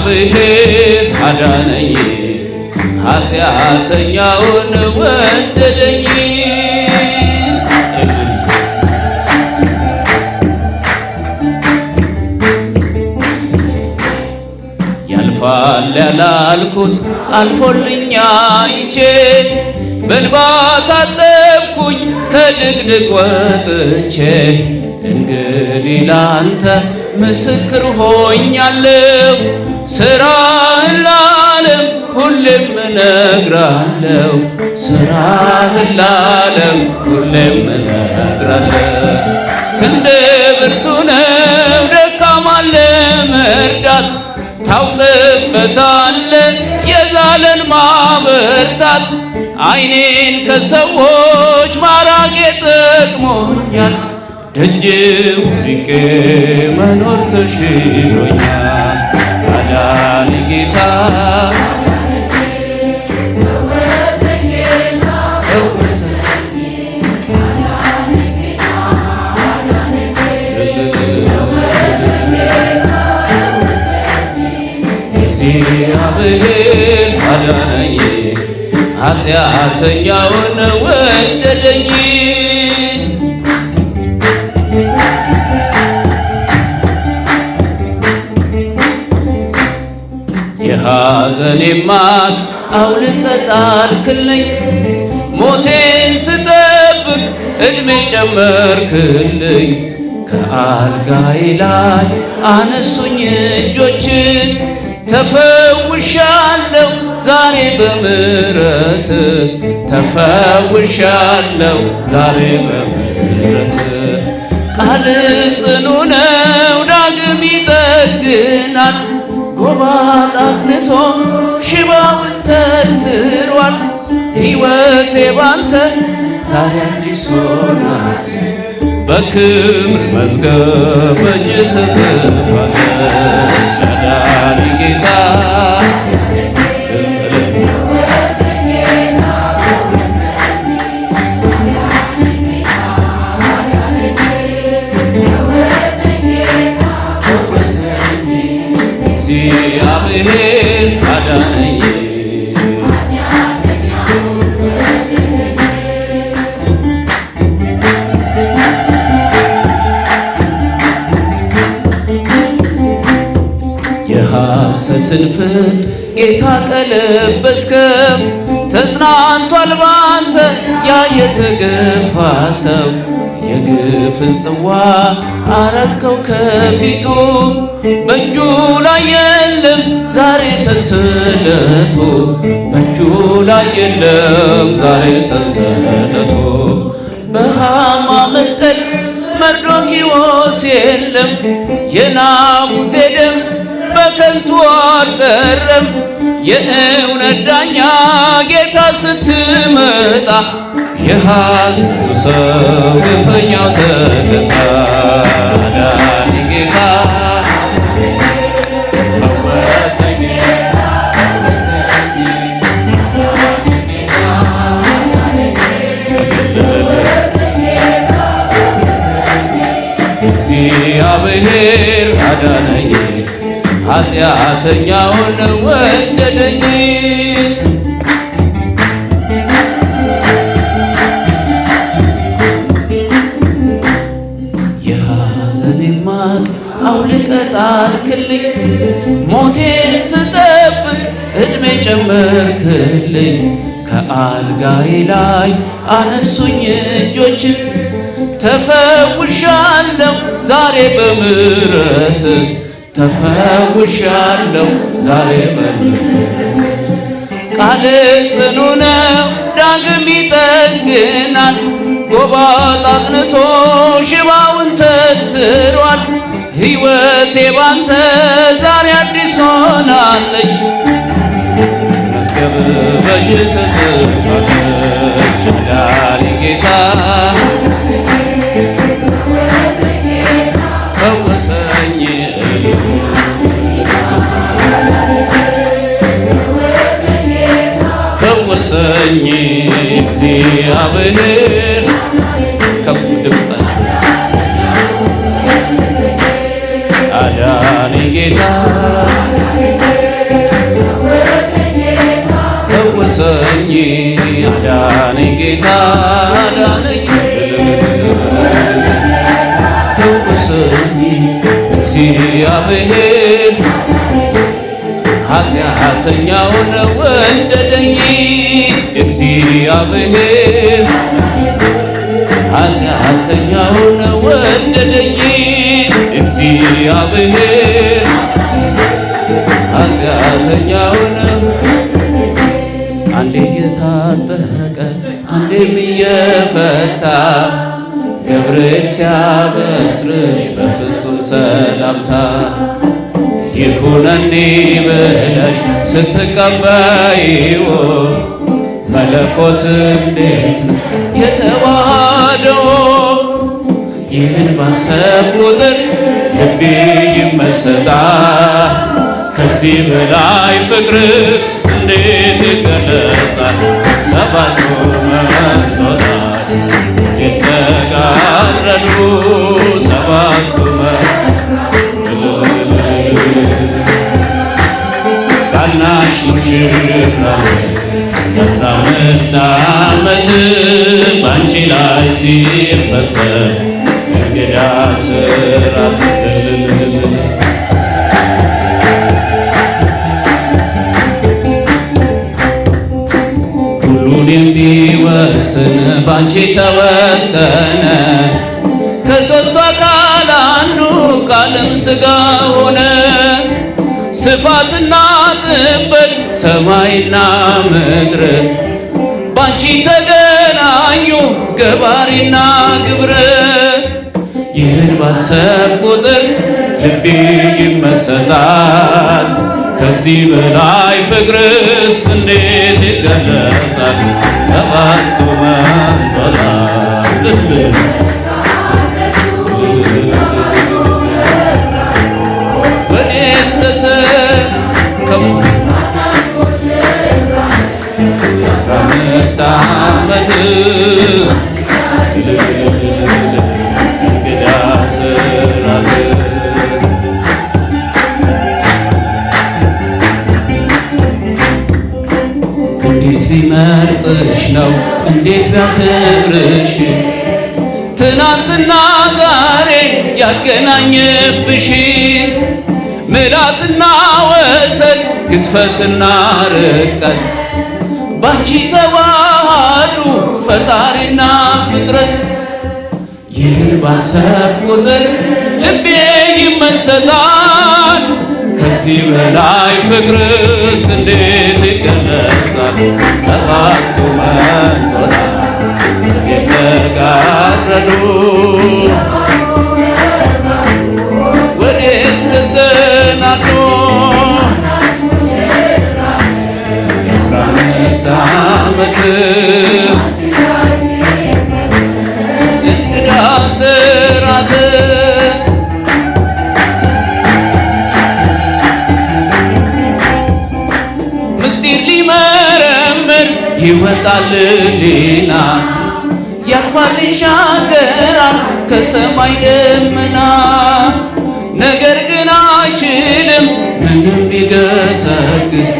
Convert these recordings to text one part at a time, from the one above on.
እግዚአብሔር አዳነኝ፣ ኃጢአተኛውን ወደደኝ። ያልፋል ያላልኩት አልፎልኛ ይቼ በእንባ ታጠብኩኝ ከድቅድቅ ወጥቼ እንግዲህ ላንተ ምስክር ሆኛለሁ። ስራህን ለዓለም ሁሌም እነግራለሁ፣ ስራህን ለዓለም ሁሌም እነግራለሁ። ክንድ ብርቱ ነው ደካማን ለመርዳት ታውቅበታለ የዛለን ማበርታት አይኔን ከሰዎች ማራቄ ጠቅሞኛል፣ ደጅ ወድቄ መኖር ተሽሎኛል። አዳን ጌታ አዳነኝ ኃጢአተኛውን ወደደኝ ከኔማ አውልቀህ ጣልክልኝ ሞቴን ስጠብቅ እድሜ ጨመርክልኝ ከአልጋዬ ላይ አነሱኝ እጆችን ተፈውሻለሁ ዛሬ በምሕረት ተፈውሻለሁ ዛሬ በምሕረት ቃል ጽኑ ነው ዳግም ይጠግናል ጎባጣ አቅንቶ ሽባም ተርትሯል ሕይወቴ ባንተ ዛሬ አዲስ ሆናል በክብር መዝገብ ተጽፋለች አዳኒ ጌታ እግዚአብሔር የሐሰትን ፍርድ ጌታ ቀለበስከው። ተጽናንቷል ባንተ ያ የተገፋ ሰው የግፍን ጽዋ አረከው ከፊቱ በእጁ ላይ የለም ዛሬ ሰንሰለቱ በእጁ ላይ የለም ዛሬ ሰንሰለቱ በሃማ መስቀል መርዶኪዎስ የለም የናቡቴ ደም በከንቱ አልቀረም። የእውነት ዳኛ ጌታ ስትመጣ የሐሰቱ ሰው ግፈኛው ተቀጣ። ዳኒ ጌታ እግዚአብሔር አዳነኝ ኃጢአተኛውን ወደደኝ የሐዘኔ ማቅ አውልቀህ ጣልክልኝ ሞቴን ስጠብቅ እድሜ ጨመርክልኝ ከአልጋዬ ላይ አነሱኝ እጆች ተፈውሻለሁ ዛሬ በምሕረት ተፈውሻለሁ ዛሬ በምሕረት ቃል ጽኑ ነው ዳግም ይጠግናል። ጎባጣ አቅንቶ ሽባውን ተትሯል። ሕይወቴ ባንተ ዛሬ አዲስ ሆናለች መስገብ በጅ ያሰኝ እግዚአብሔር ከፍ ድምፃችሁ አዳኔ ጌታ ፈወሰኝ አዳኔ ጌታ አዳነኝ ፈወሰኝ እግዚአብሔር ኃጢአተኛውን ወደደኝ እግዚአብሔር ኃጢአተኛውን ወደደኝ እግዚአብሔር ኃጢአተኛውን አንዴ እየታጠቀ አንዴም እየፈታ ገብርኤል ሲያበስርሽ በፍጹም ሰላምታ ይኩነኒ ብለሽ ስትቀበይዎ መለኮት እንዴት ነው የተዋሃደው? ይህን ባሰብ ቁጥር ልቤ ይመሰጣል። ከዚህ በላይ ፍቅርስ እንዴት ይገለጣል? ሰባቱ መንጦላዕት የተጋረዱ ሺህ ዓመት ደስታ ምስት ዓመት በአንቺ ላይ ሲፈጸም እንግዳ ስራት ሁሉን የሚወስን ባንቺ ተወሰነ ከሦስቱ አካል አንዱ ቃልም ስጋ ሆነ ስፋትና በቆምበት ሰማይና ምድር ባንቺ ተገናኙ ገባሪና ግብረ ይህን ባሰብ ቁጥር ልቤ ይመሰጣል። ከዚህ በላይ ፍቅርስ እንዴት ይገለጣል? ሰባቱ መንበላ ዓመት እንዴት ቢመርጥሽ ነው እንዴት ቢያከብርሽ ትናንትና ዛሬ ያገናኝብሽ ምላትና ወሰን ግዝፈትና ርቀት ባንቺ ተዋሃዱ ፈጣሪና ፍጥረት ይህን ባሰብ ቁጥር ልቤ ይመሰጣል። ከዚህ በላይ ፍቅርስ እንዴት ይገለጣል? ሰባቱ መንጦላት የተጋረዱ ወዴት ተሰናዱ ዓመት እንግዳ ስራት ምስጢር ሊመረምር ይወጣል ሌና ያልፋል ይሻገራል ከሰማይ ደመና ነገር ግን አይችልም ምንም ቢገሰግስ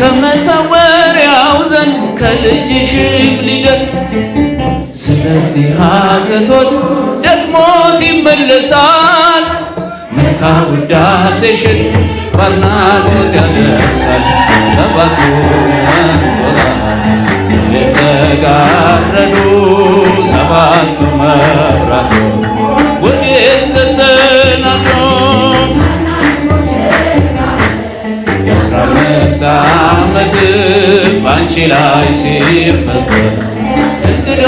ከመሰወ ከልጅሽም ሊደርስ ስለዚህ አቅቶት ደክሞት ይመለሳል። መልካም ውዳሴሽን ባድናቆት ያደርሳል። ሰባቱ መንጦላዕት የተጋረዱ ሰባቱ መብራቱ ወዴት ተሰናዶ የአስራ አምስት ዓመት ባንቺ ላይ ሲፈጸም እንግዳ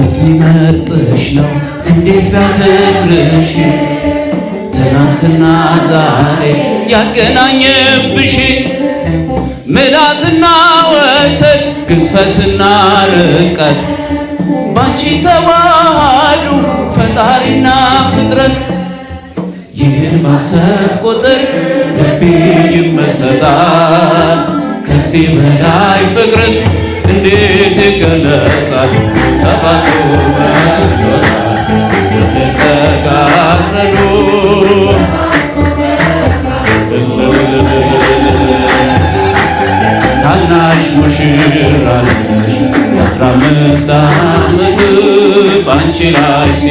እንዴት ቢመርጥሽ ነው እንዴት ቢያከብርሽ ትናንትና ዛሬ ያገናኘብሽ ምላትና ወሰን ግዝፈትና ርቀት ባንቺ ተዋሃዱ ፈጣሪና ፍጥረት ይህን ማሰብ ቁጥር ልቤ ይመሰጣል ከዚህ በላይ ፍቅርስ እንዴት ይገለጻል? ሰባቱ መቶታት እንደተቃረኑ ታናሽ ሙሽራለሽ የአስራ አምስት ዓመት በአንቺ ላይ ሲ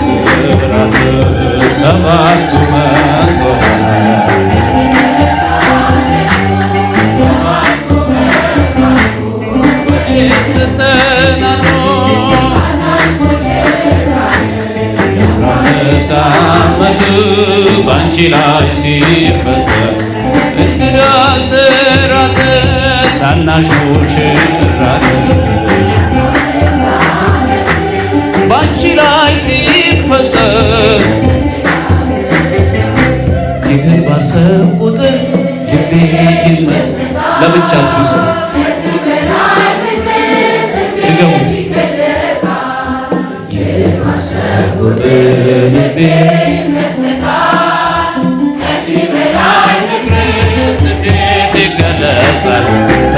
ስብራት ሰባቱ መቶታት ጅላይሲ ፈተን እንግዳ ስራትን ታናሽ ሙሽራትን ባንቺ ላይ ሲፈጸም ይህን ባሰብ ቁጥር ልቤ ይመስል ለብቻችሁ ውስጥ ድገሙት ይህን ባሰብ ቁጥር ልቤ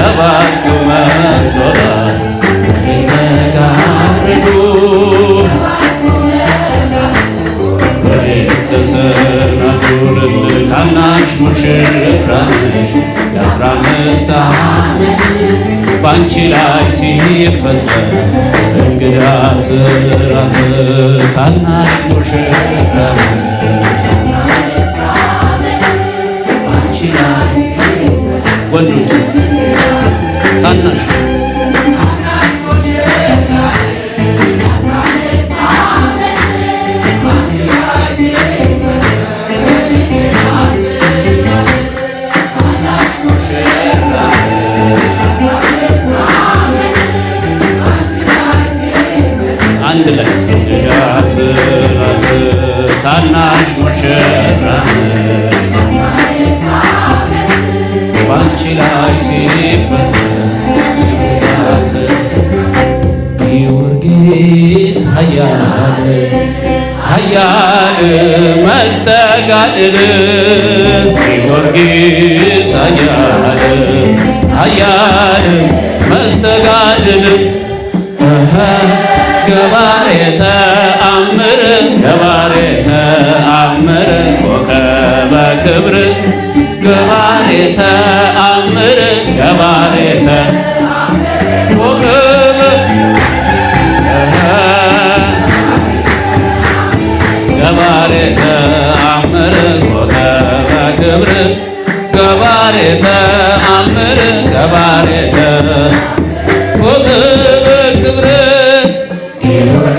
ሰባቱ መንጦላል የተጋረዱ የተሰናዱ ታናሽ ሙሽራ ነሽ የአስራ አምስት ዓመት ባንቺ ላይ ሲፈጸም እንግዳ ስራት ታናሽ ሙሽራ ወንዶች সন্ন্যাসী ጊዮርጊስ አያለ አያል መስተጋድል ገባሬ ተአምር ገባሬ ተአምር ኮከበ ክብር ገባሬ ተአምር ገባሬ ተአምር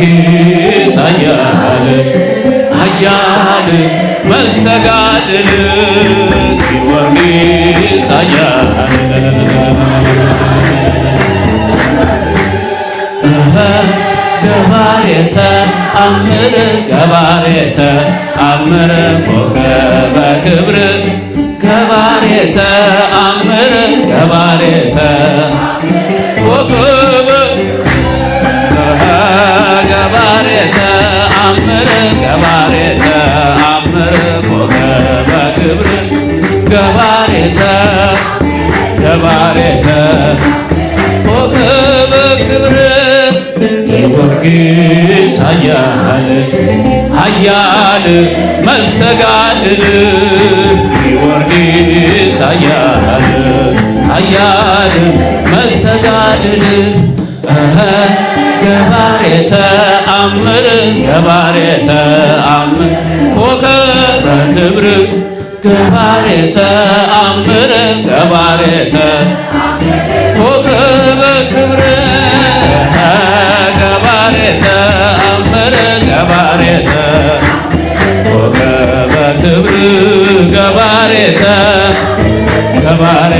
ጊዮርጊስ አያለ አያለ መስተጋድል ገባሬተ አምር ገባሬተ አምር ኮከበ ክብር ገባሬተ አምር ገባሬተ ተባሬተ ኮከበ ክብር ጊዮርጊስ ኃያል ኃያል መስተጋድል ጊዮርጊስ ኃያል ኃያል መስተጋድል ገባሬ ተአምር ገባሬ ተአምር ኮከበ ክብር ገባሬተ አምር ገባሬተ ኮከበ ክብር ገባሬተ አምር ገባሬተ ኮከበ ክብር ገባሬተ ገባሬ